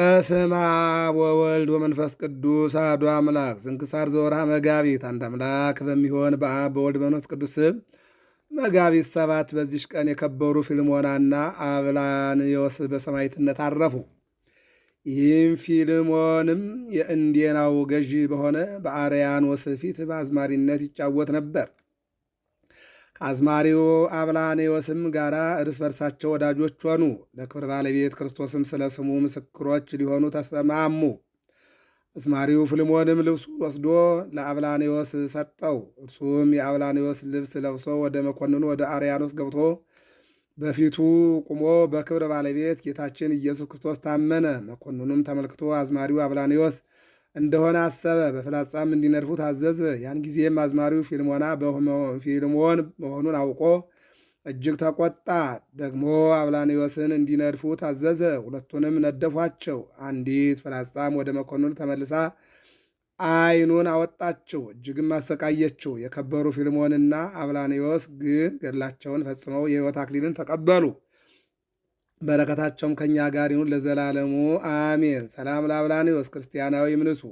በስመ አብ ወወልድ ወመንፈስ ቅዱስ አሐዱ አምላክ። ስንክሳር ዘወርሃ መጋቢት። አንድ አምላክ በሚሆን በአብ በወልድ በመንፈስ ቅዱስ ስም መጋቢት ሰባት በዚሽ ቀን የከበሩ ፊልሞናና አብላንዮስ በሰማዕትነት አረፉ። ይህም ፊልሞንም የእንዴናው ገዢ በሆነ በአርያኖስ ፊት በአዝማሪነት ይጫወት ነበር። ከአዝማሪው አብላኔዎስም ጋራ እርስ በርሳቸው ወዳጆች ሆኑ። ለክብር ባለቤት ክርስቶስም ስለ ስሙ ምስክሮች ሊሆኑ ተስማሙ። አዝማሪው ፍልሞንም ልብሱ ወስዶ ለአብላኔዎስ ሰጠው። እርሱም የአብላኔዎስ ልብስ ለብሶ ወደ መኮንኑ ወደ አርያኖስ ገብቶ በፊቱ ቁሞ በክብር ባለቤት ጌታችን ኢየሱስ ክርስቶስ ታመነ። መኮንኑም ተመልክቶ አዝማሪው አብላኔዎስ እንደሆነ አሰበ። በፍላጻም እንዲነድፉ ታዘዘ። ያን ጊዜም አዝማሪው ፊልሞና ፊልሞን መሆኑን አውቆ እጅግ ተቆጣ። ደግሞ አብላኒዮስን እንዲነድፉ ታዘዘ። ሁለቱንም ነደፏቸው። አንዲት ፍላጻም ወደ መኮንኑ ተመልሳ ዓይኑን አወጣችው፣ እጅግም አሰቃየችው። የከበሩ ፊልሞንና አብላኒዮስ ግን ገድላቸውን ፈጽመው የሕይወት አክሊልን ተቀበሉ። በረከታቸውም ከእኛ ጋር ይሁን ለዘላለሙ አሜን። ሰላም ለአብላኒዎስ ክርስቲያናዊ ምንሱ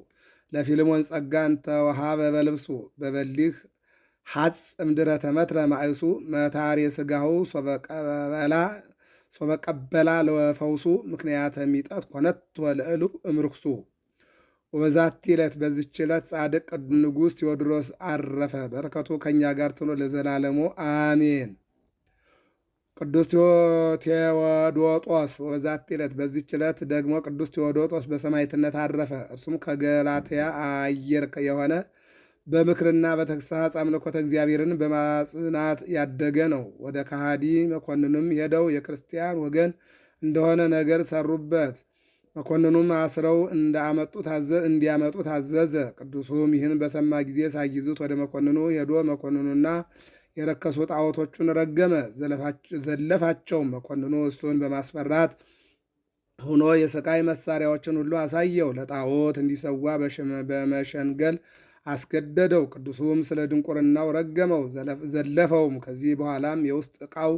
ለፊልሞን ጸጋ እንተ ወሃበ በልብሱ በበሊህ ሐጽ እምድረ ተመትረ ማእሱ መታሬ ስጋሁ ሶበቀበላ ለፈውሱ ምክንያተ ሚጠት ኮነት ወልዕሉ እምርክሱ። ወበዛቲ ዕለት በዚች ዕለት ጻድቅ ንጉሥ ቴዎድሮስ አረፈ። በረከቱ ከእኛ ጋር ትኖ ለዘላለሙ አሜን። ቅዱስ ቴዎዶጦስ ወበዛት ዕለት በዚች ዕለት ደግሞ ቅዱስ ቴዎዶጦስ በሰማይትነት አረፈ። እርሱም ከገላትያ አየር የሆነ በምክርና በተግሳጽ አምልኮተ እግዚአብሔርን በማጽናት ያደገ ነው። ወደ ከሃዲ መኮንንም ሄደው የክርስቲያን ወገን እንደሆነ ነገር ሰሩበት። መኮንኑም አስረው እንዲያመጡ ታዘዘ። ቅዱሱም ይህን በሰማ ጊዜ ሳይዙት ወደ መኮንኑ ሄዶ መኮንኑና የረከሱ ጣዖቶቹን ረገመ። ዘለፋቸውም። መኮንኑ እስቱን በማስፈራት ሆኖ የስቃይ መሳሪያዎችን ሁሉ አሳየው። ለጣዖት እንዲሰዋ በመሸንገል አስገደደው። ቅዱሱም ስለ ድንቁርናው ረገመው፣ ዘለፈውም። ከዚህ በኋላም የውስጥ ዕቃው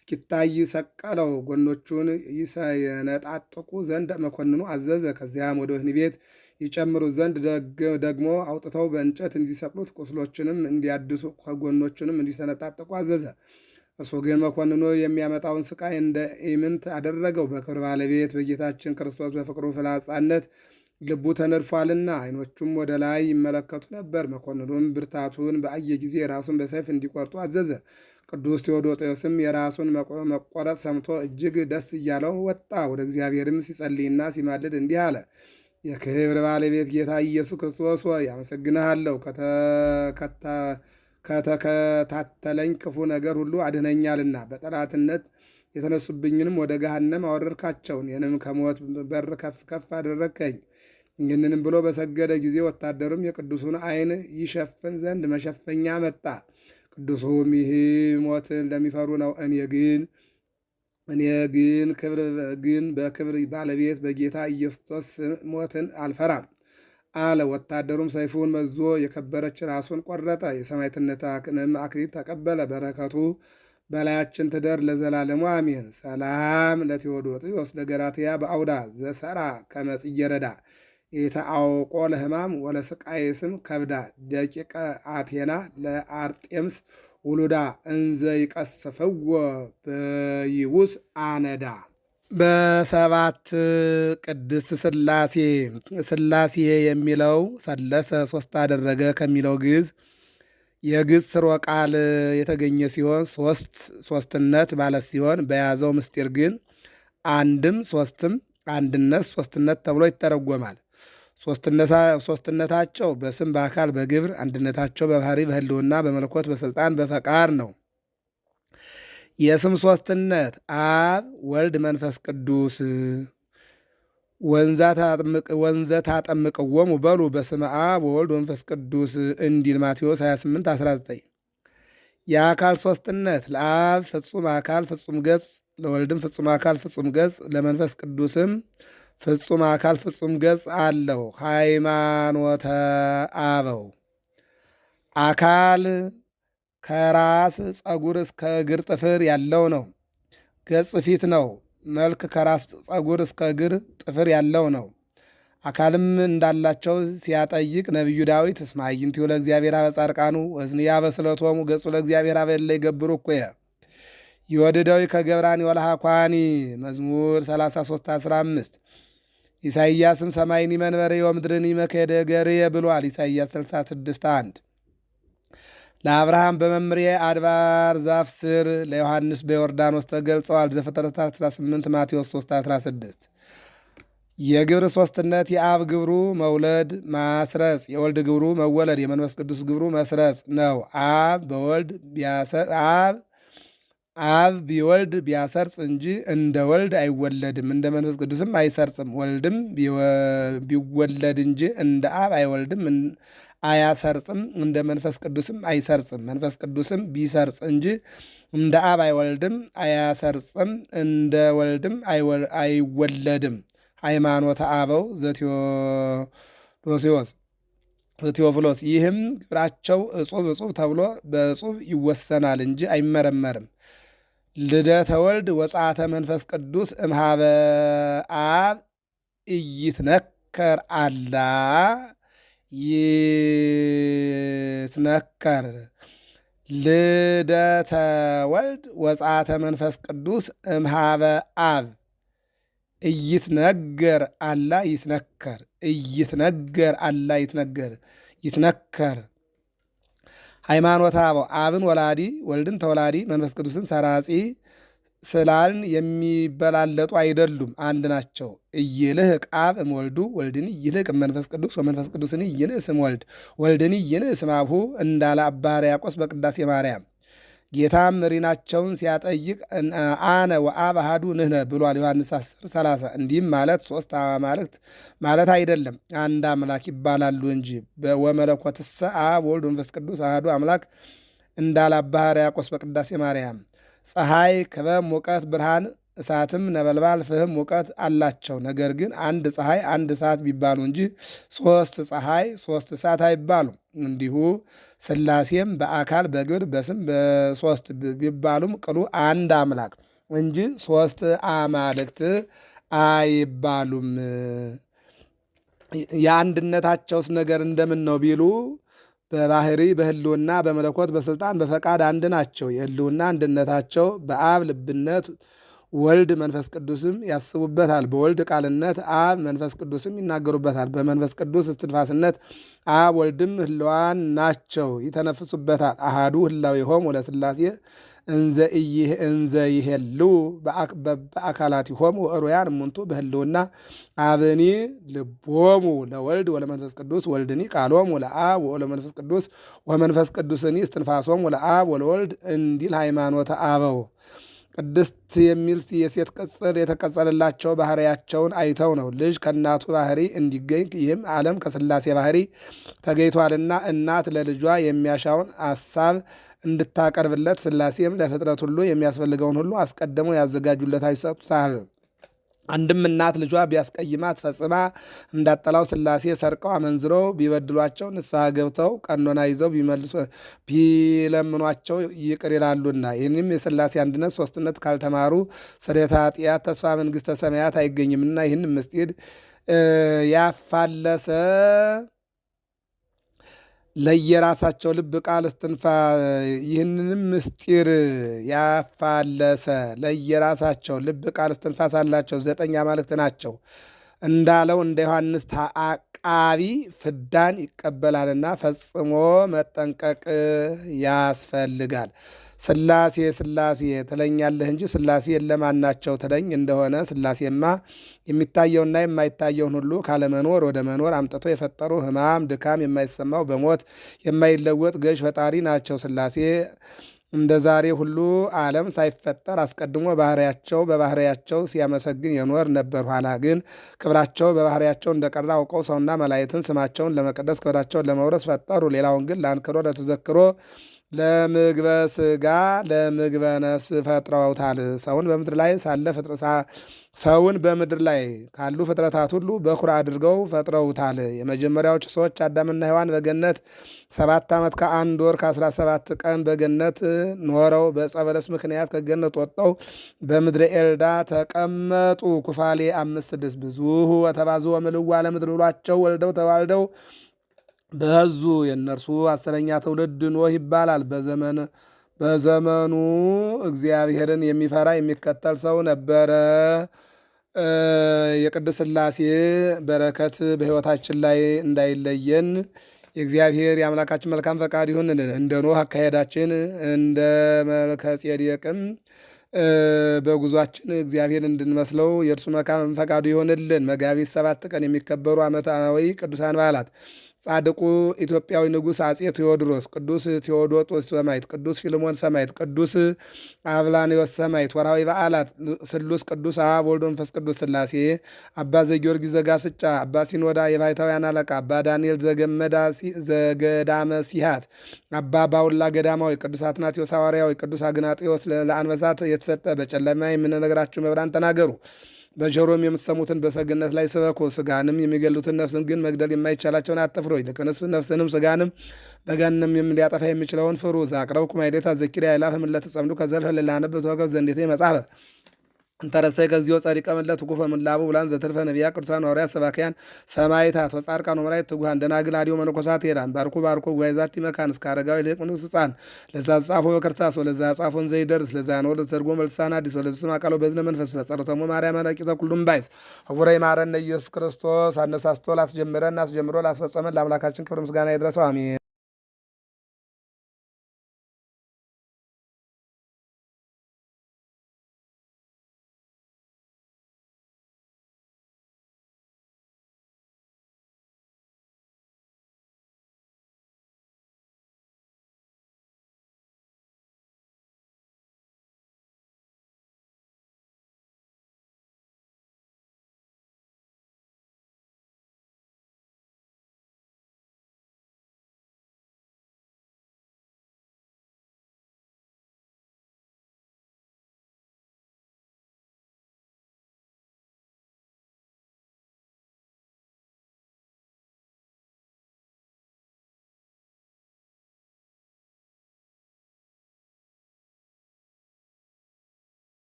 እስኪታይ ሰቀለው። ጎኖቹን ይሰነጣጥቁ ዘንድ መኮንኑ አዘዘ። ከዚያም ወደ ወህኒ ቤት ይጨምሩ ዘንድ ደግሞ አውጥተው በእንጨት እንዲሰቅሉት ቁስሎችንም እንዲያድሱ ከጎኖችንም እንዲሰነጣጥቁ አዘዘ። እሱ ግን መኮንኑ የሚያመጣውን ስቃይ እንደ ኢምንት አደረገው። በክብር ባለቤት በጌታችን ክርስቶስ በፍቅሩ ፍላጻነት ልቡ ተነድፏልና አይኖቹም ወደ ላይ ይመለከቱ ነበር። መኮንኑም ብርታቱን በአየ ጊዜ ራሱን በሰይፍ እንዲቆርጡ አዘዘ። ቅዱስ ቴዎዶጦስም የራሱን መቆረጥ ሰምቶ እጅግ ደስ እያለው ወጣ። ወደ እግዚአብሔርም ሲጸልይና ሲማልድ እንዲህ አለ። የክብር ባለቤት ጌታ ኢየሱስ ክርስቶስ ሆይ አመሰግንሃለሁ። ከተከታተለኝ ክፉ ነገር ሁሉ አድነኛልና በጠላትነት የተነሱብኝንም ወደ ገሃነም አወረድካቸው፣ እኔንም ከሞት በር ከፍ ከፍ አደረከኝ። ይህንንም ብሎ በሰገደ ጊዜ ወታደሩም የቅዱሱን ዓይን ይሸፍን ዘንድ መሸፈኛ መጣ። ቅዱሱም ይህ ሞትን ለሚፈሩ ነው። እኔ ግን እኔ ግን ክብር ግን በክብር ባለቤት በጌታ ኢየሱስ ሞትን አልፈራም አለ። ወታደሩም ሰይፉን መዞ የከበረች ራሱን ቆረጠ። የሰማዕትነት አክሊል ተቀበለ። በረከቱ በላያችን ትደር ለዘላለሙ አሜን። ሰላም ወስደ ገራትያ በአውዳ ዘሰራ ከመጽየረዳ የተአውቆ ለህማም ወለስቃይ ስም ከብዳ ደቂቀ አቴና ለአርጤምስ ውሉዳ እንዘ ይቀስፈዎ በይውስ አነዳ በሰባት ቅድስት ስላሴ ስላሴ የሚለው ሰለሰ ሶስት አደረገ ከሚለው ግዕዝ የግዕዝ ስርወ ቃል የተገኘ ሲሆን ሶስት ሶስትነት ማለት ሲሆን በያዘው ምስጢር ግን አንድም ሶስትም አንድነት ሶስትነት ተብሎ ይተረጎማል። ሶስትነታቸው በስም በአካል በግብር አንድነታቸው በባህሪ በህልውና በመልኮት በስልጣን በፈቃድ ነው። የስም ሶስትነት አብ ወልድ መንፈስ ቅዱስ ወንዘ ታጠምቅዎሙ በሉ በስመ አብ ወወልድ ወመንፈስ ቅዱስ እንዲል ማቴዎስ 28 19 የአካል ሶስትነት ለአብ ፍጹም አካል ፍጹም ገጽ፣ ለወልድም ፍጹም አካል ፍጹም ገጽ፣ ለመንፈስ ቅዱስም ፍጹም አካል ፍጹም ገጽ አለው። ሃይማኖተ አበው አካል ከራስ ፀጉር እስከ እግር ጥፍር ያለው ነው። ገጽ ፊት ነው። መልክ ከራስ ፀጉር እስከ እግር ጥፍር ያለው ነው። አካልም እንዳላቸው ሲያጠይቅ ነቢዩ ዳዊት እስመ ለእግዚአብሔር አበጻርቃኑ ወዝንያ በስለቶሙ ገጹ ለእግዚአብሔር በእለ ይገብሩ እኮየ ይወድደዊ ከገብራኒ ኳኒ መዝሙር 33፥15 ኢሳይያስም ሰማይኒ መንበሬ ወምድርኒ መከደ ብሏል። ኢሳይያስ 66 1 ለአብርሃም በመምሬ አድባር ዛፍ ስር ለዮሐንስ በዮርዳኖስ ተገልጸዋል። ዘፍጥረት 18 ማቴዎስ 3 16 የግብር ሶስትነት የአብ ግብሩ መውለድ ማስረጽ፣ የወልድ ግብሩ መወለድ፣ የመንፈስ ቅዱስ ግብሩ መስረጽ ነው። አብ በወልድ አብ አብ ቢወልድ ቢያሰርጽ እንጂ እንደ ወልድ አይወለድም፣ እንደ መንፈስ ቅዱስም አይሰርጽም። ወልድም ቢወለድ እንጂ እንደ አብ አይወልድም፣ አያሰርጽም፣ እንደ መንፈስ ቅዱስም አይሰርጽም። መንፈስ ቅዱስም ቢሰርጽ እንጂ እንደ አብ አይወልድም፣ አያሰርጽም፣ እንደ ወልድም አይወለድም። ሃይማኖተ አበው ዘቴዎዶስዮስ ቴዎፍሎስ ይህም ግብራቸው እጹብ እጹብ ተብሎ በእጹብ ይወሰናል እንጂ አይመረመርም። ልደተ ወልድ ወጻተ መንፈስ ቅዱስ እምሃበ አብ እይትነከር አላ ይትነከር ልደተ ወልድ ወጻተ መንፈስ ቅዱስ እምሃበ አብ እይትነገር አላ ይትነከር እይትነገር አላ ይትነገር ይትነከር ሃይማኖተ አበው አብን ወላዲ ወልድን ተወላዲ መንፈስ ቅዱስን ሰራጺ ስላልን የሚበላለጡ አይደሉም፣ አንድ ናቸው። እይልህቅ አብ እምወልዱ ወልድኒ ይልህቅ መንፈስ ቅዱስ ወመንፈስ ቅዱስን ይንእስ እምወልድ ወልድኒ ይንእስ እምአብሁ እንዳለ አባ ሕርያቆስ በቅዳሴ ማርያም ጌታም ሪናቸውን ሲያጠይቅ አነ ወአብ አሐዱ ንሕነ ብሏል ዮሐንስ 10 30 እንዲህም ማለት ሶስት አማልክት ማለት አይደለም አንድ አምላክ ይባላሉ እንጂ ወመለኮትሰ አብ ወልድ መንፈስ ቅዱስ አሐዱ አምላክ እንዳላባህር ያቆስ በቅዳሴ ማርያም ፀሐይ ክበብ ሙቀት ብርሃን እሳትም ነበልባል ፍህም ሙቀት አላቸው። ነገር ግን አንድ ፀሐይ አንድ እሳት ቢባሉ እንጂ ሶስት ፀሐይ ሶስት እሳት አይባሉም። እንዲሁ ስላሴም በአካል በግብር በስም በሶስት ቢባሉም ቅሉ አንድ አምላክ እንጂ ሶስት አማልክት አይባሉም። የአንድነታቸውስ ነገር እንደምን ነው ቢሉ በባህሪ በህልውና በመለኮት በስልጣን በፈቃድ አንድ ናቸው። የህልውና አንድነታቸው በአብ ልብነት ወልድ መንፈስ ቅዱስም ያስቡበታል። በወልድ ቃልነት አብ መንፈስ ቅዱስም ይናገሩበታል። በመንፈስ ቅዱስ እስትንፋስነት አብ ወልድም ህለዋን ናቸው፣ ይተነፍሱበታል። አሃዱ ሆም ወለስላሴ እንዘ ይሄሉ ሆም ወእሩያን እሙንቱ በህልውና አብኒ ልቦሙ ለወልድ ወለመንፈስ ቅዱስ ወልድኒ ቃሎሙ ለአብ ወለመንፈስ ቅዱስ ወመንፈስ ቅዱስኒ እስትንፋሶም ወለአብ ወለወልድ እንዲል ሃይማኖተ አበው ቅድስት የሚል የሴት ቅጽል የተቀጸለላቸው ባህሪያቸውን አይተው ነው። ልጅ ከእናቱ ባህሪ እንዲገኝ ይህም ዓለም ከስላሴ ባህሪ ተገኝቷልና እናት ለልጇ የሚያሻውን አሳብ እንድታቀርብለት ስላሴም ለፍጥረት ሁሉ የሚያስፈልገውን ሁሉ አስቀድመው ያዘጋጁለት አይሰጡታል። አንድም እናት ልጇ ቢያስቀይማት ፈጽማ እንዳጠላው ስላሴ ሰርቀው አመንዝሮ ቢበድሏቸው ንስሐ ገብተው ቀኖና ይዘው ቢለምኗቸው ይቅር ይላሉና ይህንም የስላሴ አንድነት ሶስትነት ካልተማሩ ስርየተ ኃጢአት ተስፋ መንግስተ ሰማያት አይገኝምና ይህን ምስጢር ያፋለሰ ለየራሳቸው ልብ ቃል እስትንፋ ይህንንም ምስጢር ያፋለሰ ለየራሳቸው ልብ ቃል እስትንፋ ሳላቸው ዘጠኝ አማልክት ናቸው እንዳለው እንደ ዮሐንስ ቃቢ ፍዳን ይቀበላልና ፈጽሞ መጠንቀቅ ያስፈልጋል። ስላሴ ስላሴ ትለኛለህ እንጂ ስላሴ ለማናቸው ትለኝ እንደሆነ ስላሴማ የሚታየውና የማይታየውን ሁሉ ካለመኖር ወደ መኖር አምጥቶ የፈጠሩ ህማም ድካም የማይሰማው በሞት የማይለወጥ ገዥ ፈጣሪ ናቸው ስላሴ እንደ ዛሬ ሁሉ ዓለም ሳይፈጠር አስቀድሞ ባህሪያቸው በባህሪያቸው ሲያመሰግን የኖር ነበር። ኋላ ግን ክብራቸው በባህሪያቸው እንደቀረ አውቀው ሰውና መላእክትን ስማቸውን ለመቀደስ ክብራቸውን ለመውረስ ፈጠሩ። ሌላውን ግን ለአንክሮ ለተዘክሮ ለምግበ ስጋ ለምግበ ነፍስ ፈጥረውታል። ሰውን በምድር ላይ ሳለ ሰውን በምድር ላይ ካሉ ፍጥረታት ሁሉ በኩር አድርገው ፈጥረውታል። የመጀመሪያዎቹ ሰዎች አዳምና ሔዋን በገነት ሰባት ዓመት ከአንድ ወር ከአስራ ሰባት ቀን በገነት ኖረው በዕፀ በለስ ምክንያት ከገነት ወጥተው በምድረ ኤልዳ ተቀመጡ። ኩፋሌ አምስት ስድስት ብዙሁ ወተባዝወ ምልዋ ለምድር ብሏቸው ወልደው ተዋልደው በዙ። የእነርሱ አስረኛ ትውልድ ኖህ ይባላል። በዘመን በዘመኑ እግዚአብሔርን የሚፈራ የሚከተል ሰው ነበረ። የቅድስት ሥላሴ በረከት በሕይወታችን ላይ እንዳይለየን የእግዚአብሔር የአምላካችን መልካም ፈቃድ ይሁን። እንደ ኖህ አካሄዳችን እንደ መልከ ጼዴቅም በጉዟችን እግዚአብሔር እንድንመስለው የእርሱ መልካም ፈቃዱ ይሆንልን። መጋቢት ሰባት ቀን የሚከበሩ ዓመታዊ ቅዱሳን በዓላት ጻድቁ ኢትዮጵያዊ ንጉሥ አጼ ቴዎድሮስ፣ ቅዱስ ቴዎዶጦስ ሰማይት ቅዱስ ፊልሞን ሰማይት፣ ቅዱስ አብላኒዮስ ሰማይት ወርሃዊ በዓላት ስሉስ ቅዱስ አብ ወልድ መንፈስ ቅዱስ ሥላሴ፣ አባ ዘጊዮርጊስ ዘጋስጫ፣ አባ ሲኖዳ የባይታውያን አለቃ፣ አባ ዳንኤል ዘገመዳ ዘገዳመ ሲሃት፣ አባ ባውላ ገዳማዊ፣ ቅዱስ አትናቴዎስ ሐዋርያዊ፣ ቅዱስ አግናጤዎስ ለአንበሳት የተሰጠ በጨለማ የምንነግራችሁ መብራን ተናገሩ በጆሮም የምትሰሙትን በሰግነት ላይ ስበኩ። ስጋንም የሚገሉትን ነፍስን ግን መግደል የማይቻላቸውን አትፍሩ። ይልቅንስ ነፍስንም ስጋንም በገንም ሊያጠፋ የሚችለውን ፍሩ። ዛቅረብኩ ማይዴታ ዘኪር ያላፍ ምለተጸምዱ ከዘልፈ ልላነብት ወገብ ዘንዴቴ መጻፈ እንተረሰይ ከዚዮ ጸሪቀ መለት ጉፈ ምላቡ ብላን ዘተልፈ ነቢያ ቅዱሳን ሐዋርያት ሰባክያን ሰማዕታት ወጻድቃን ወመላእክት ትጉሃን ደናግል አዲዮ መነኮሳት ሄዳን ባርኮ ባርኮ ጉባኤ ዛቲ መካን እስከ አረጋዊ ለቁንስ ሕፃን ለዛ ጻፎ በከርታስ ወለዛ ጻፎን ዘይደርስ ለዛ ነው ለተርጎ መልሳን አዲስ ወለዛ ስም አቃሎ በዝነ መንፈስ ነጸረተሞ ማርያም አናቂ ተኩሉም ባይስ ህቡረ ይማረነ ኢየሱስ ክርስቶስ አነሳስቶ ላስጀምረን አስጀምሮ ላስፈጸመን ለአምላካችን ክብር ምስጋና ይድረሰው አሜን።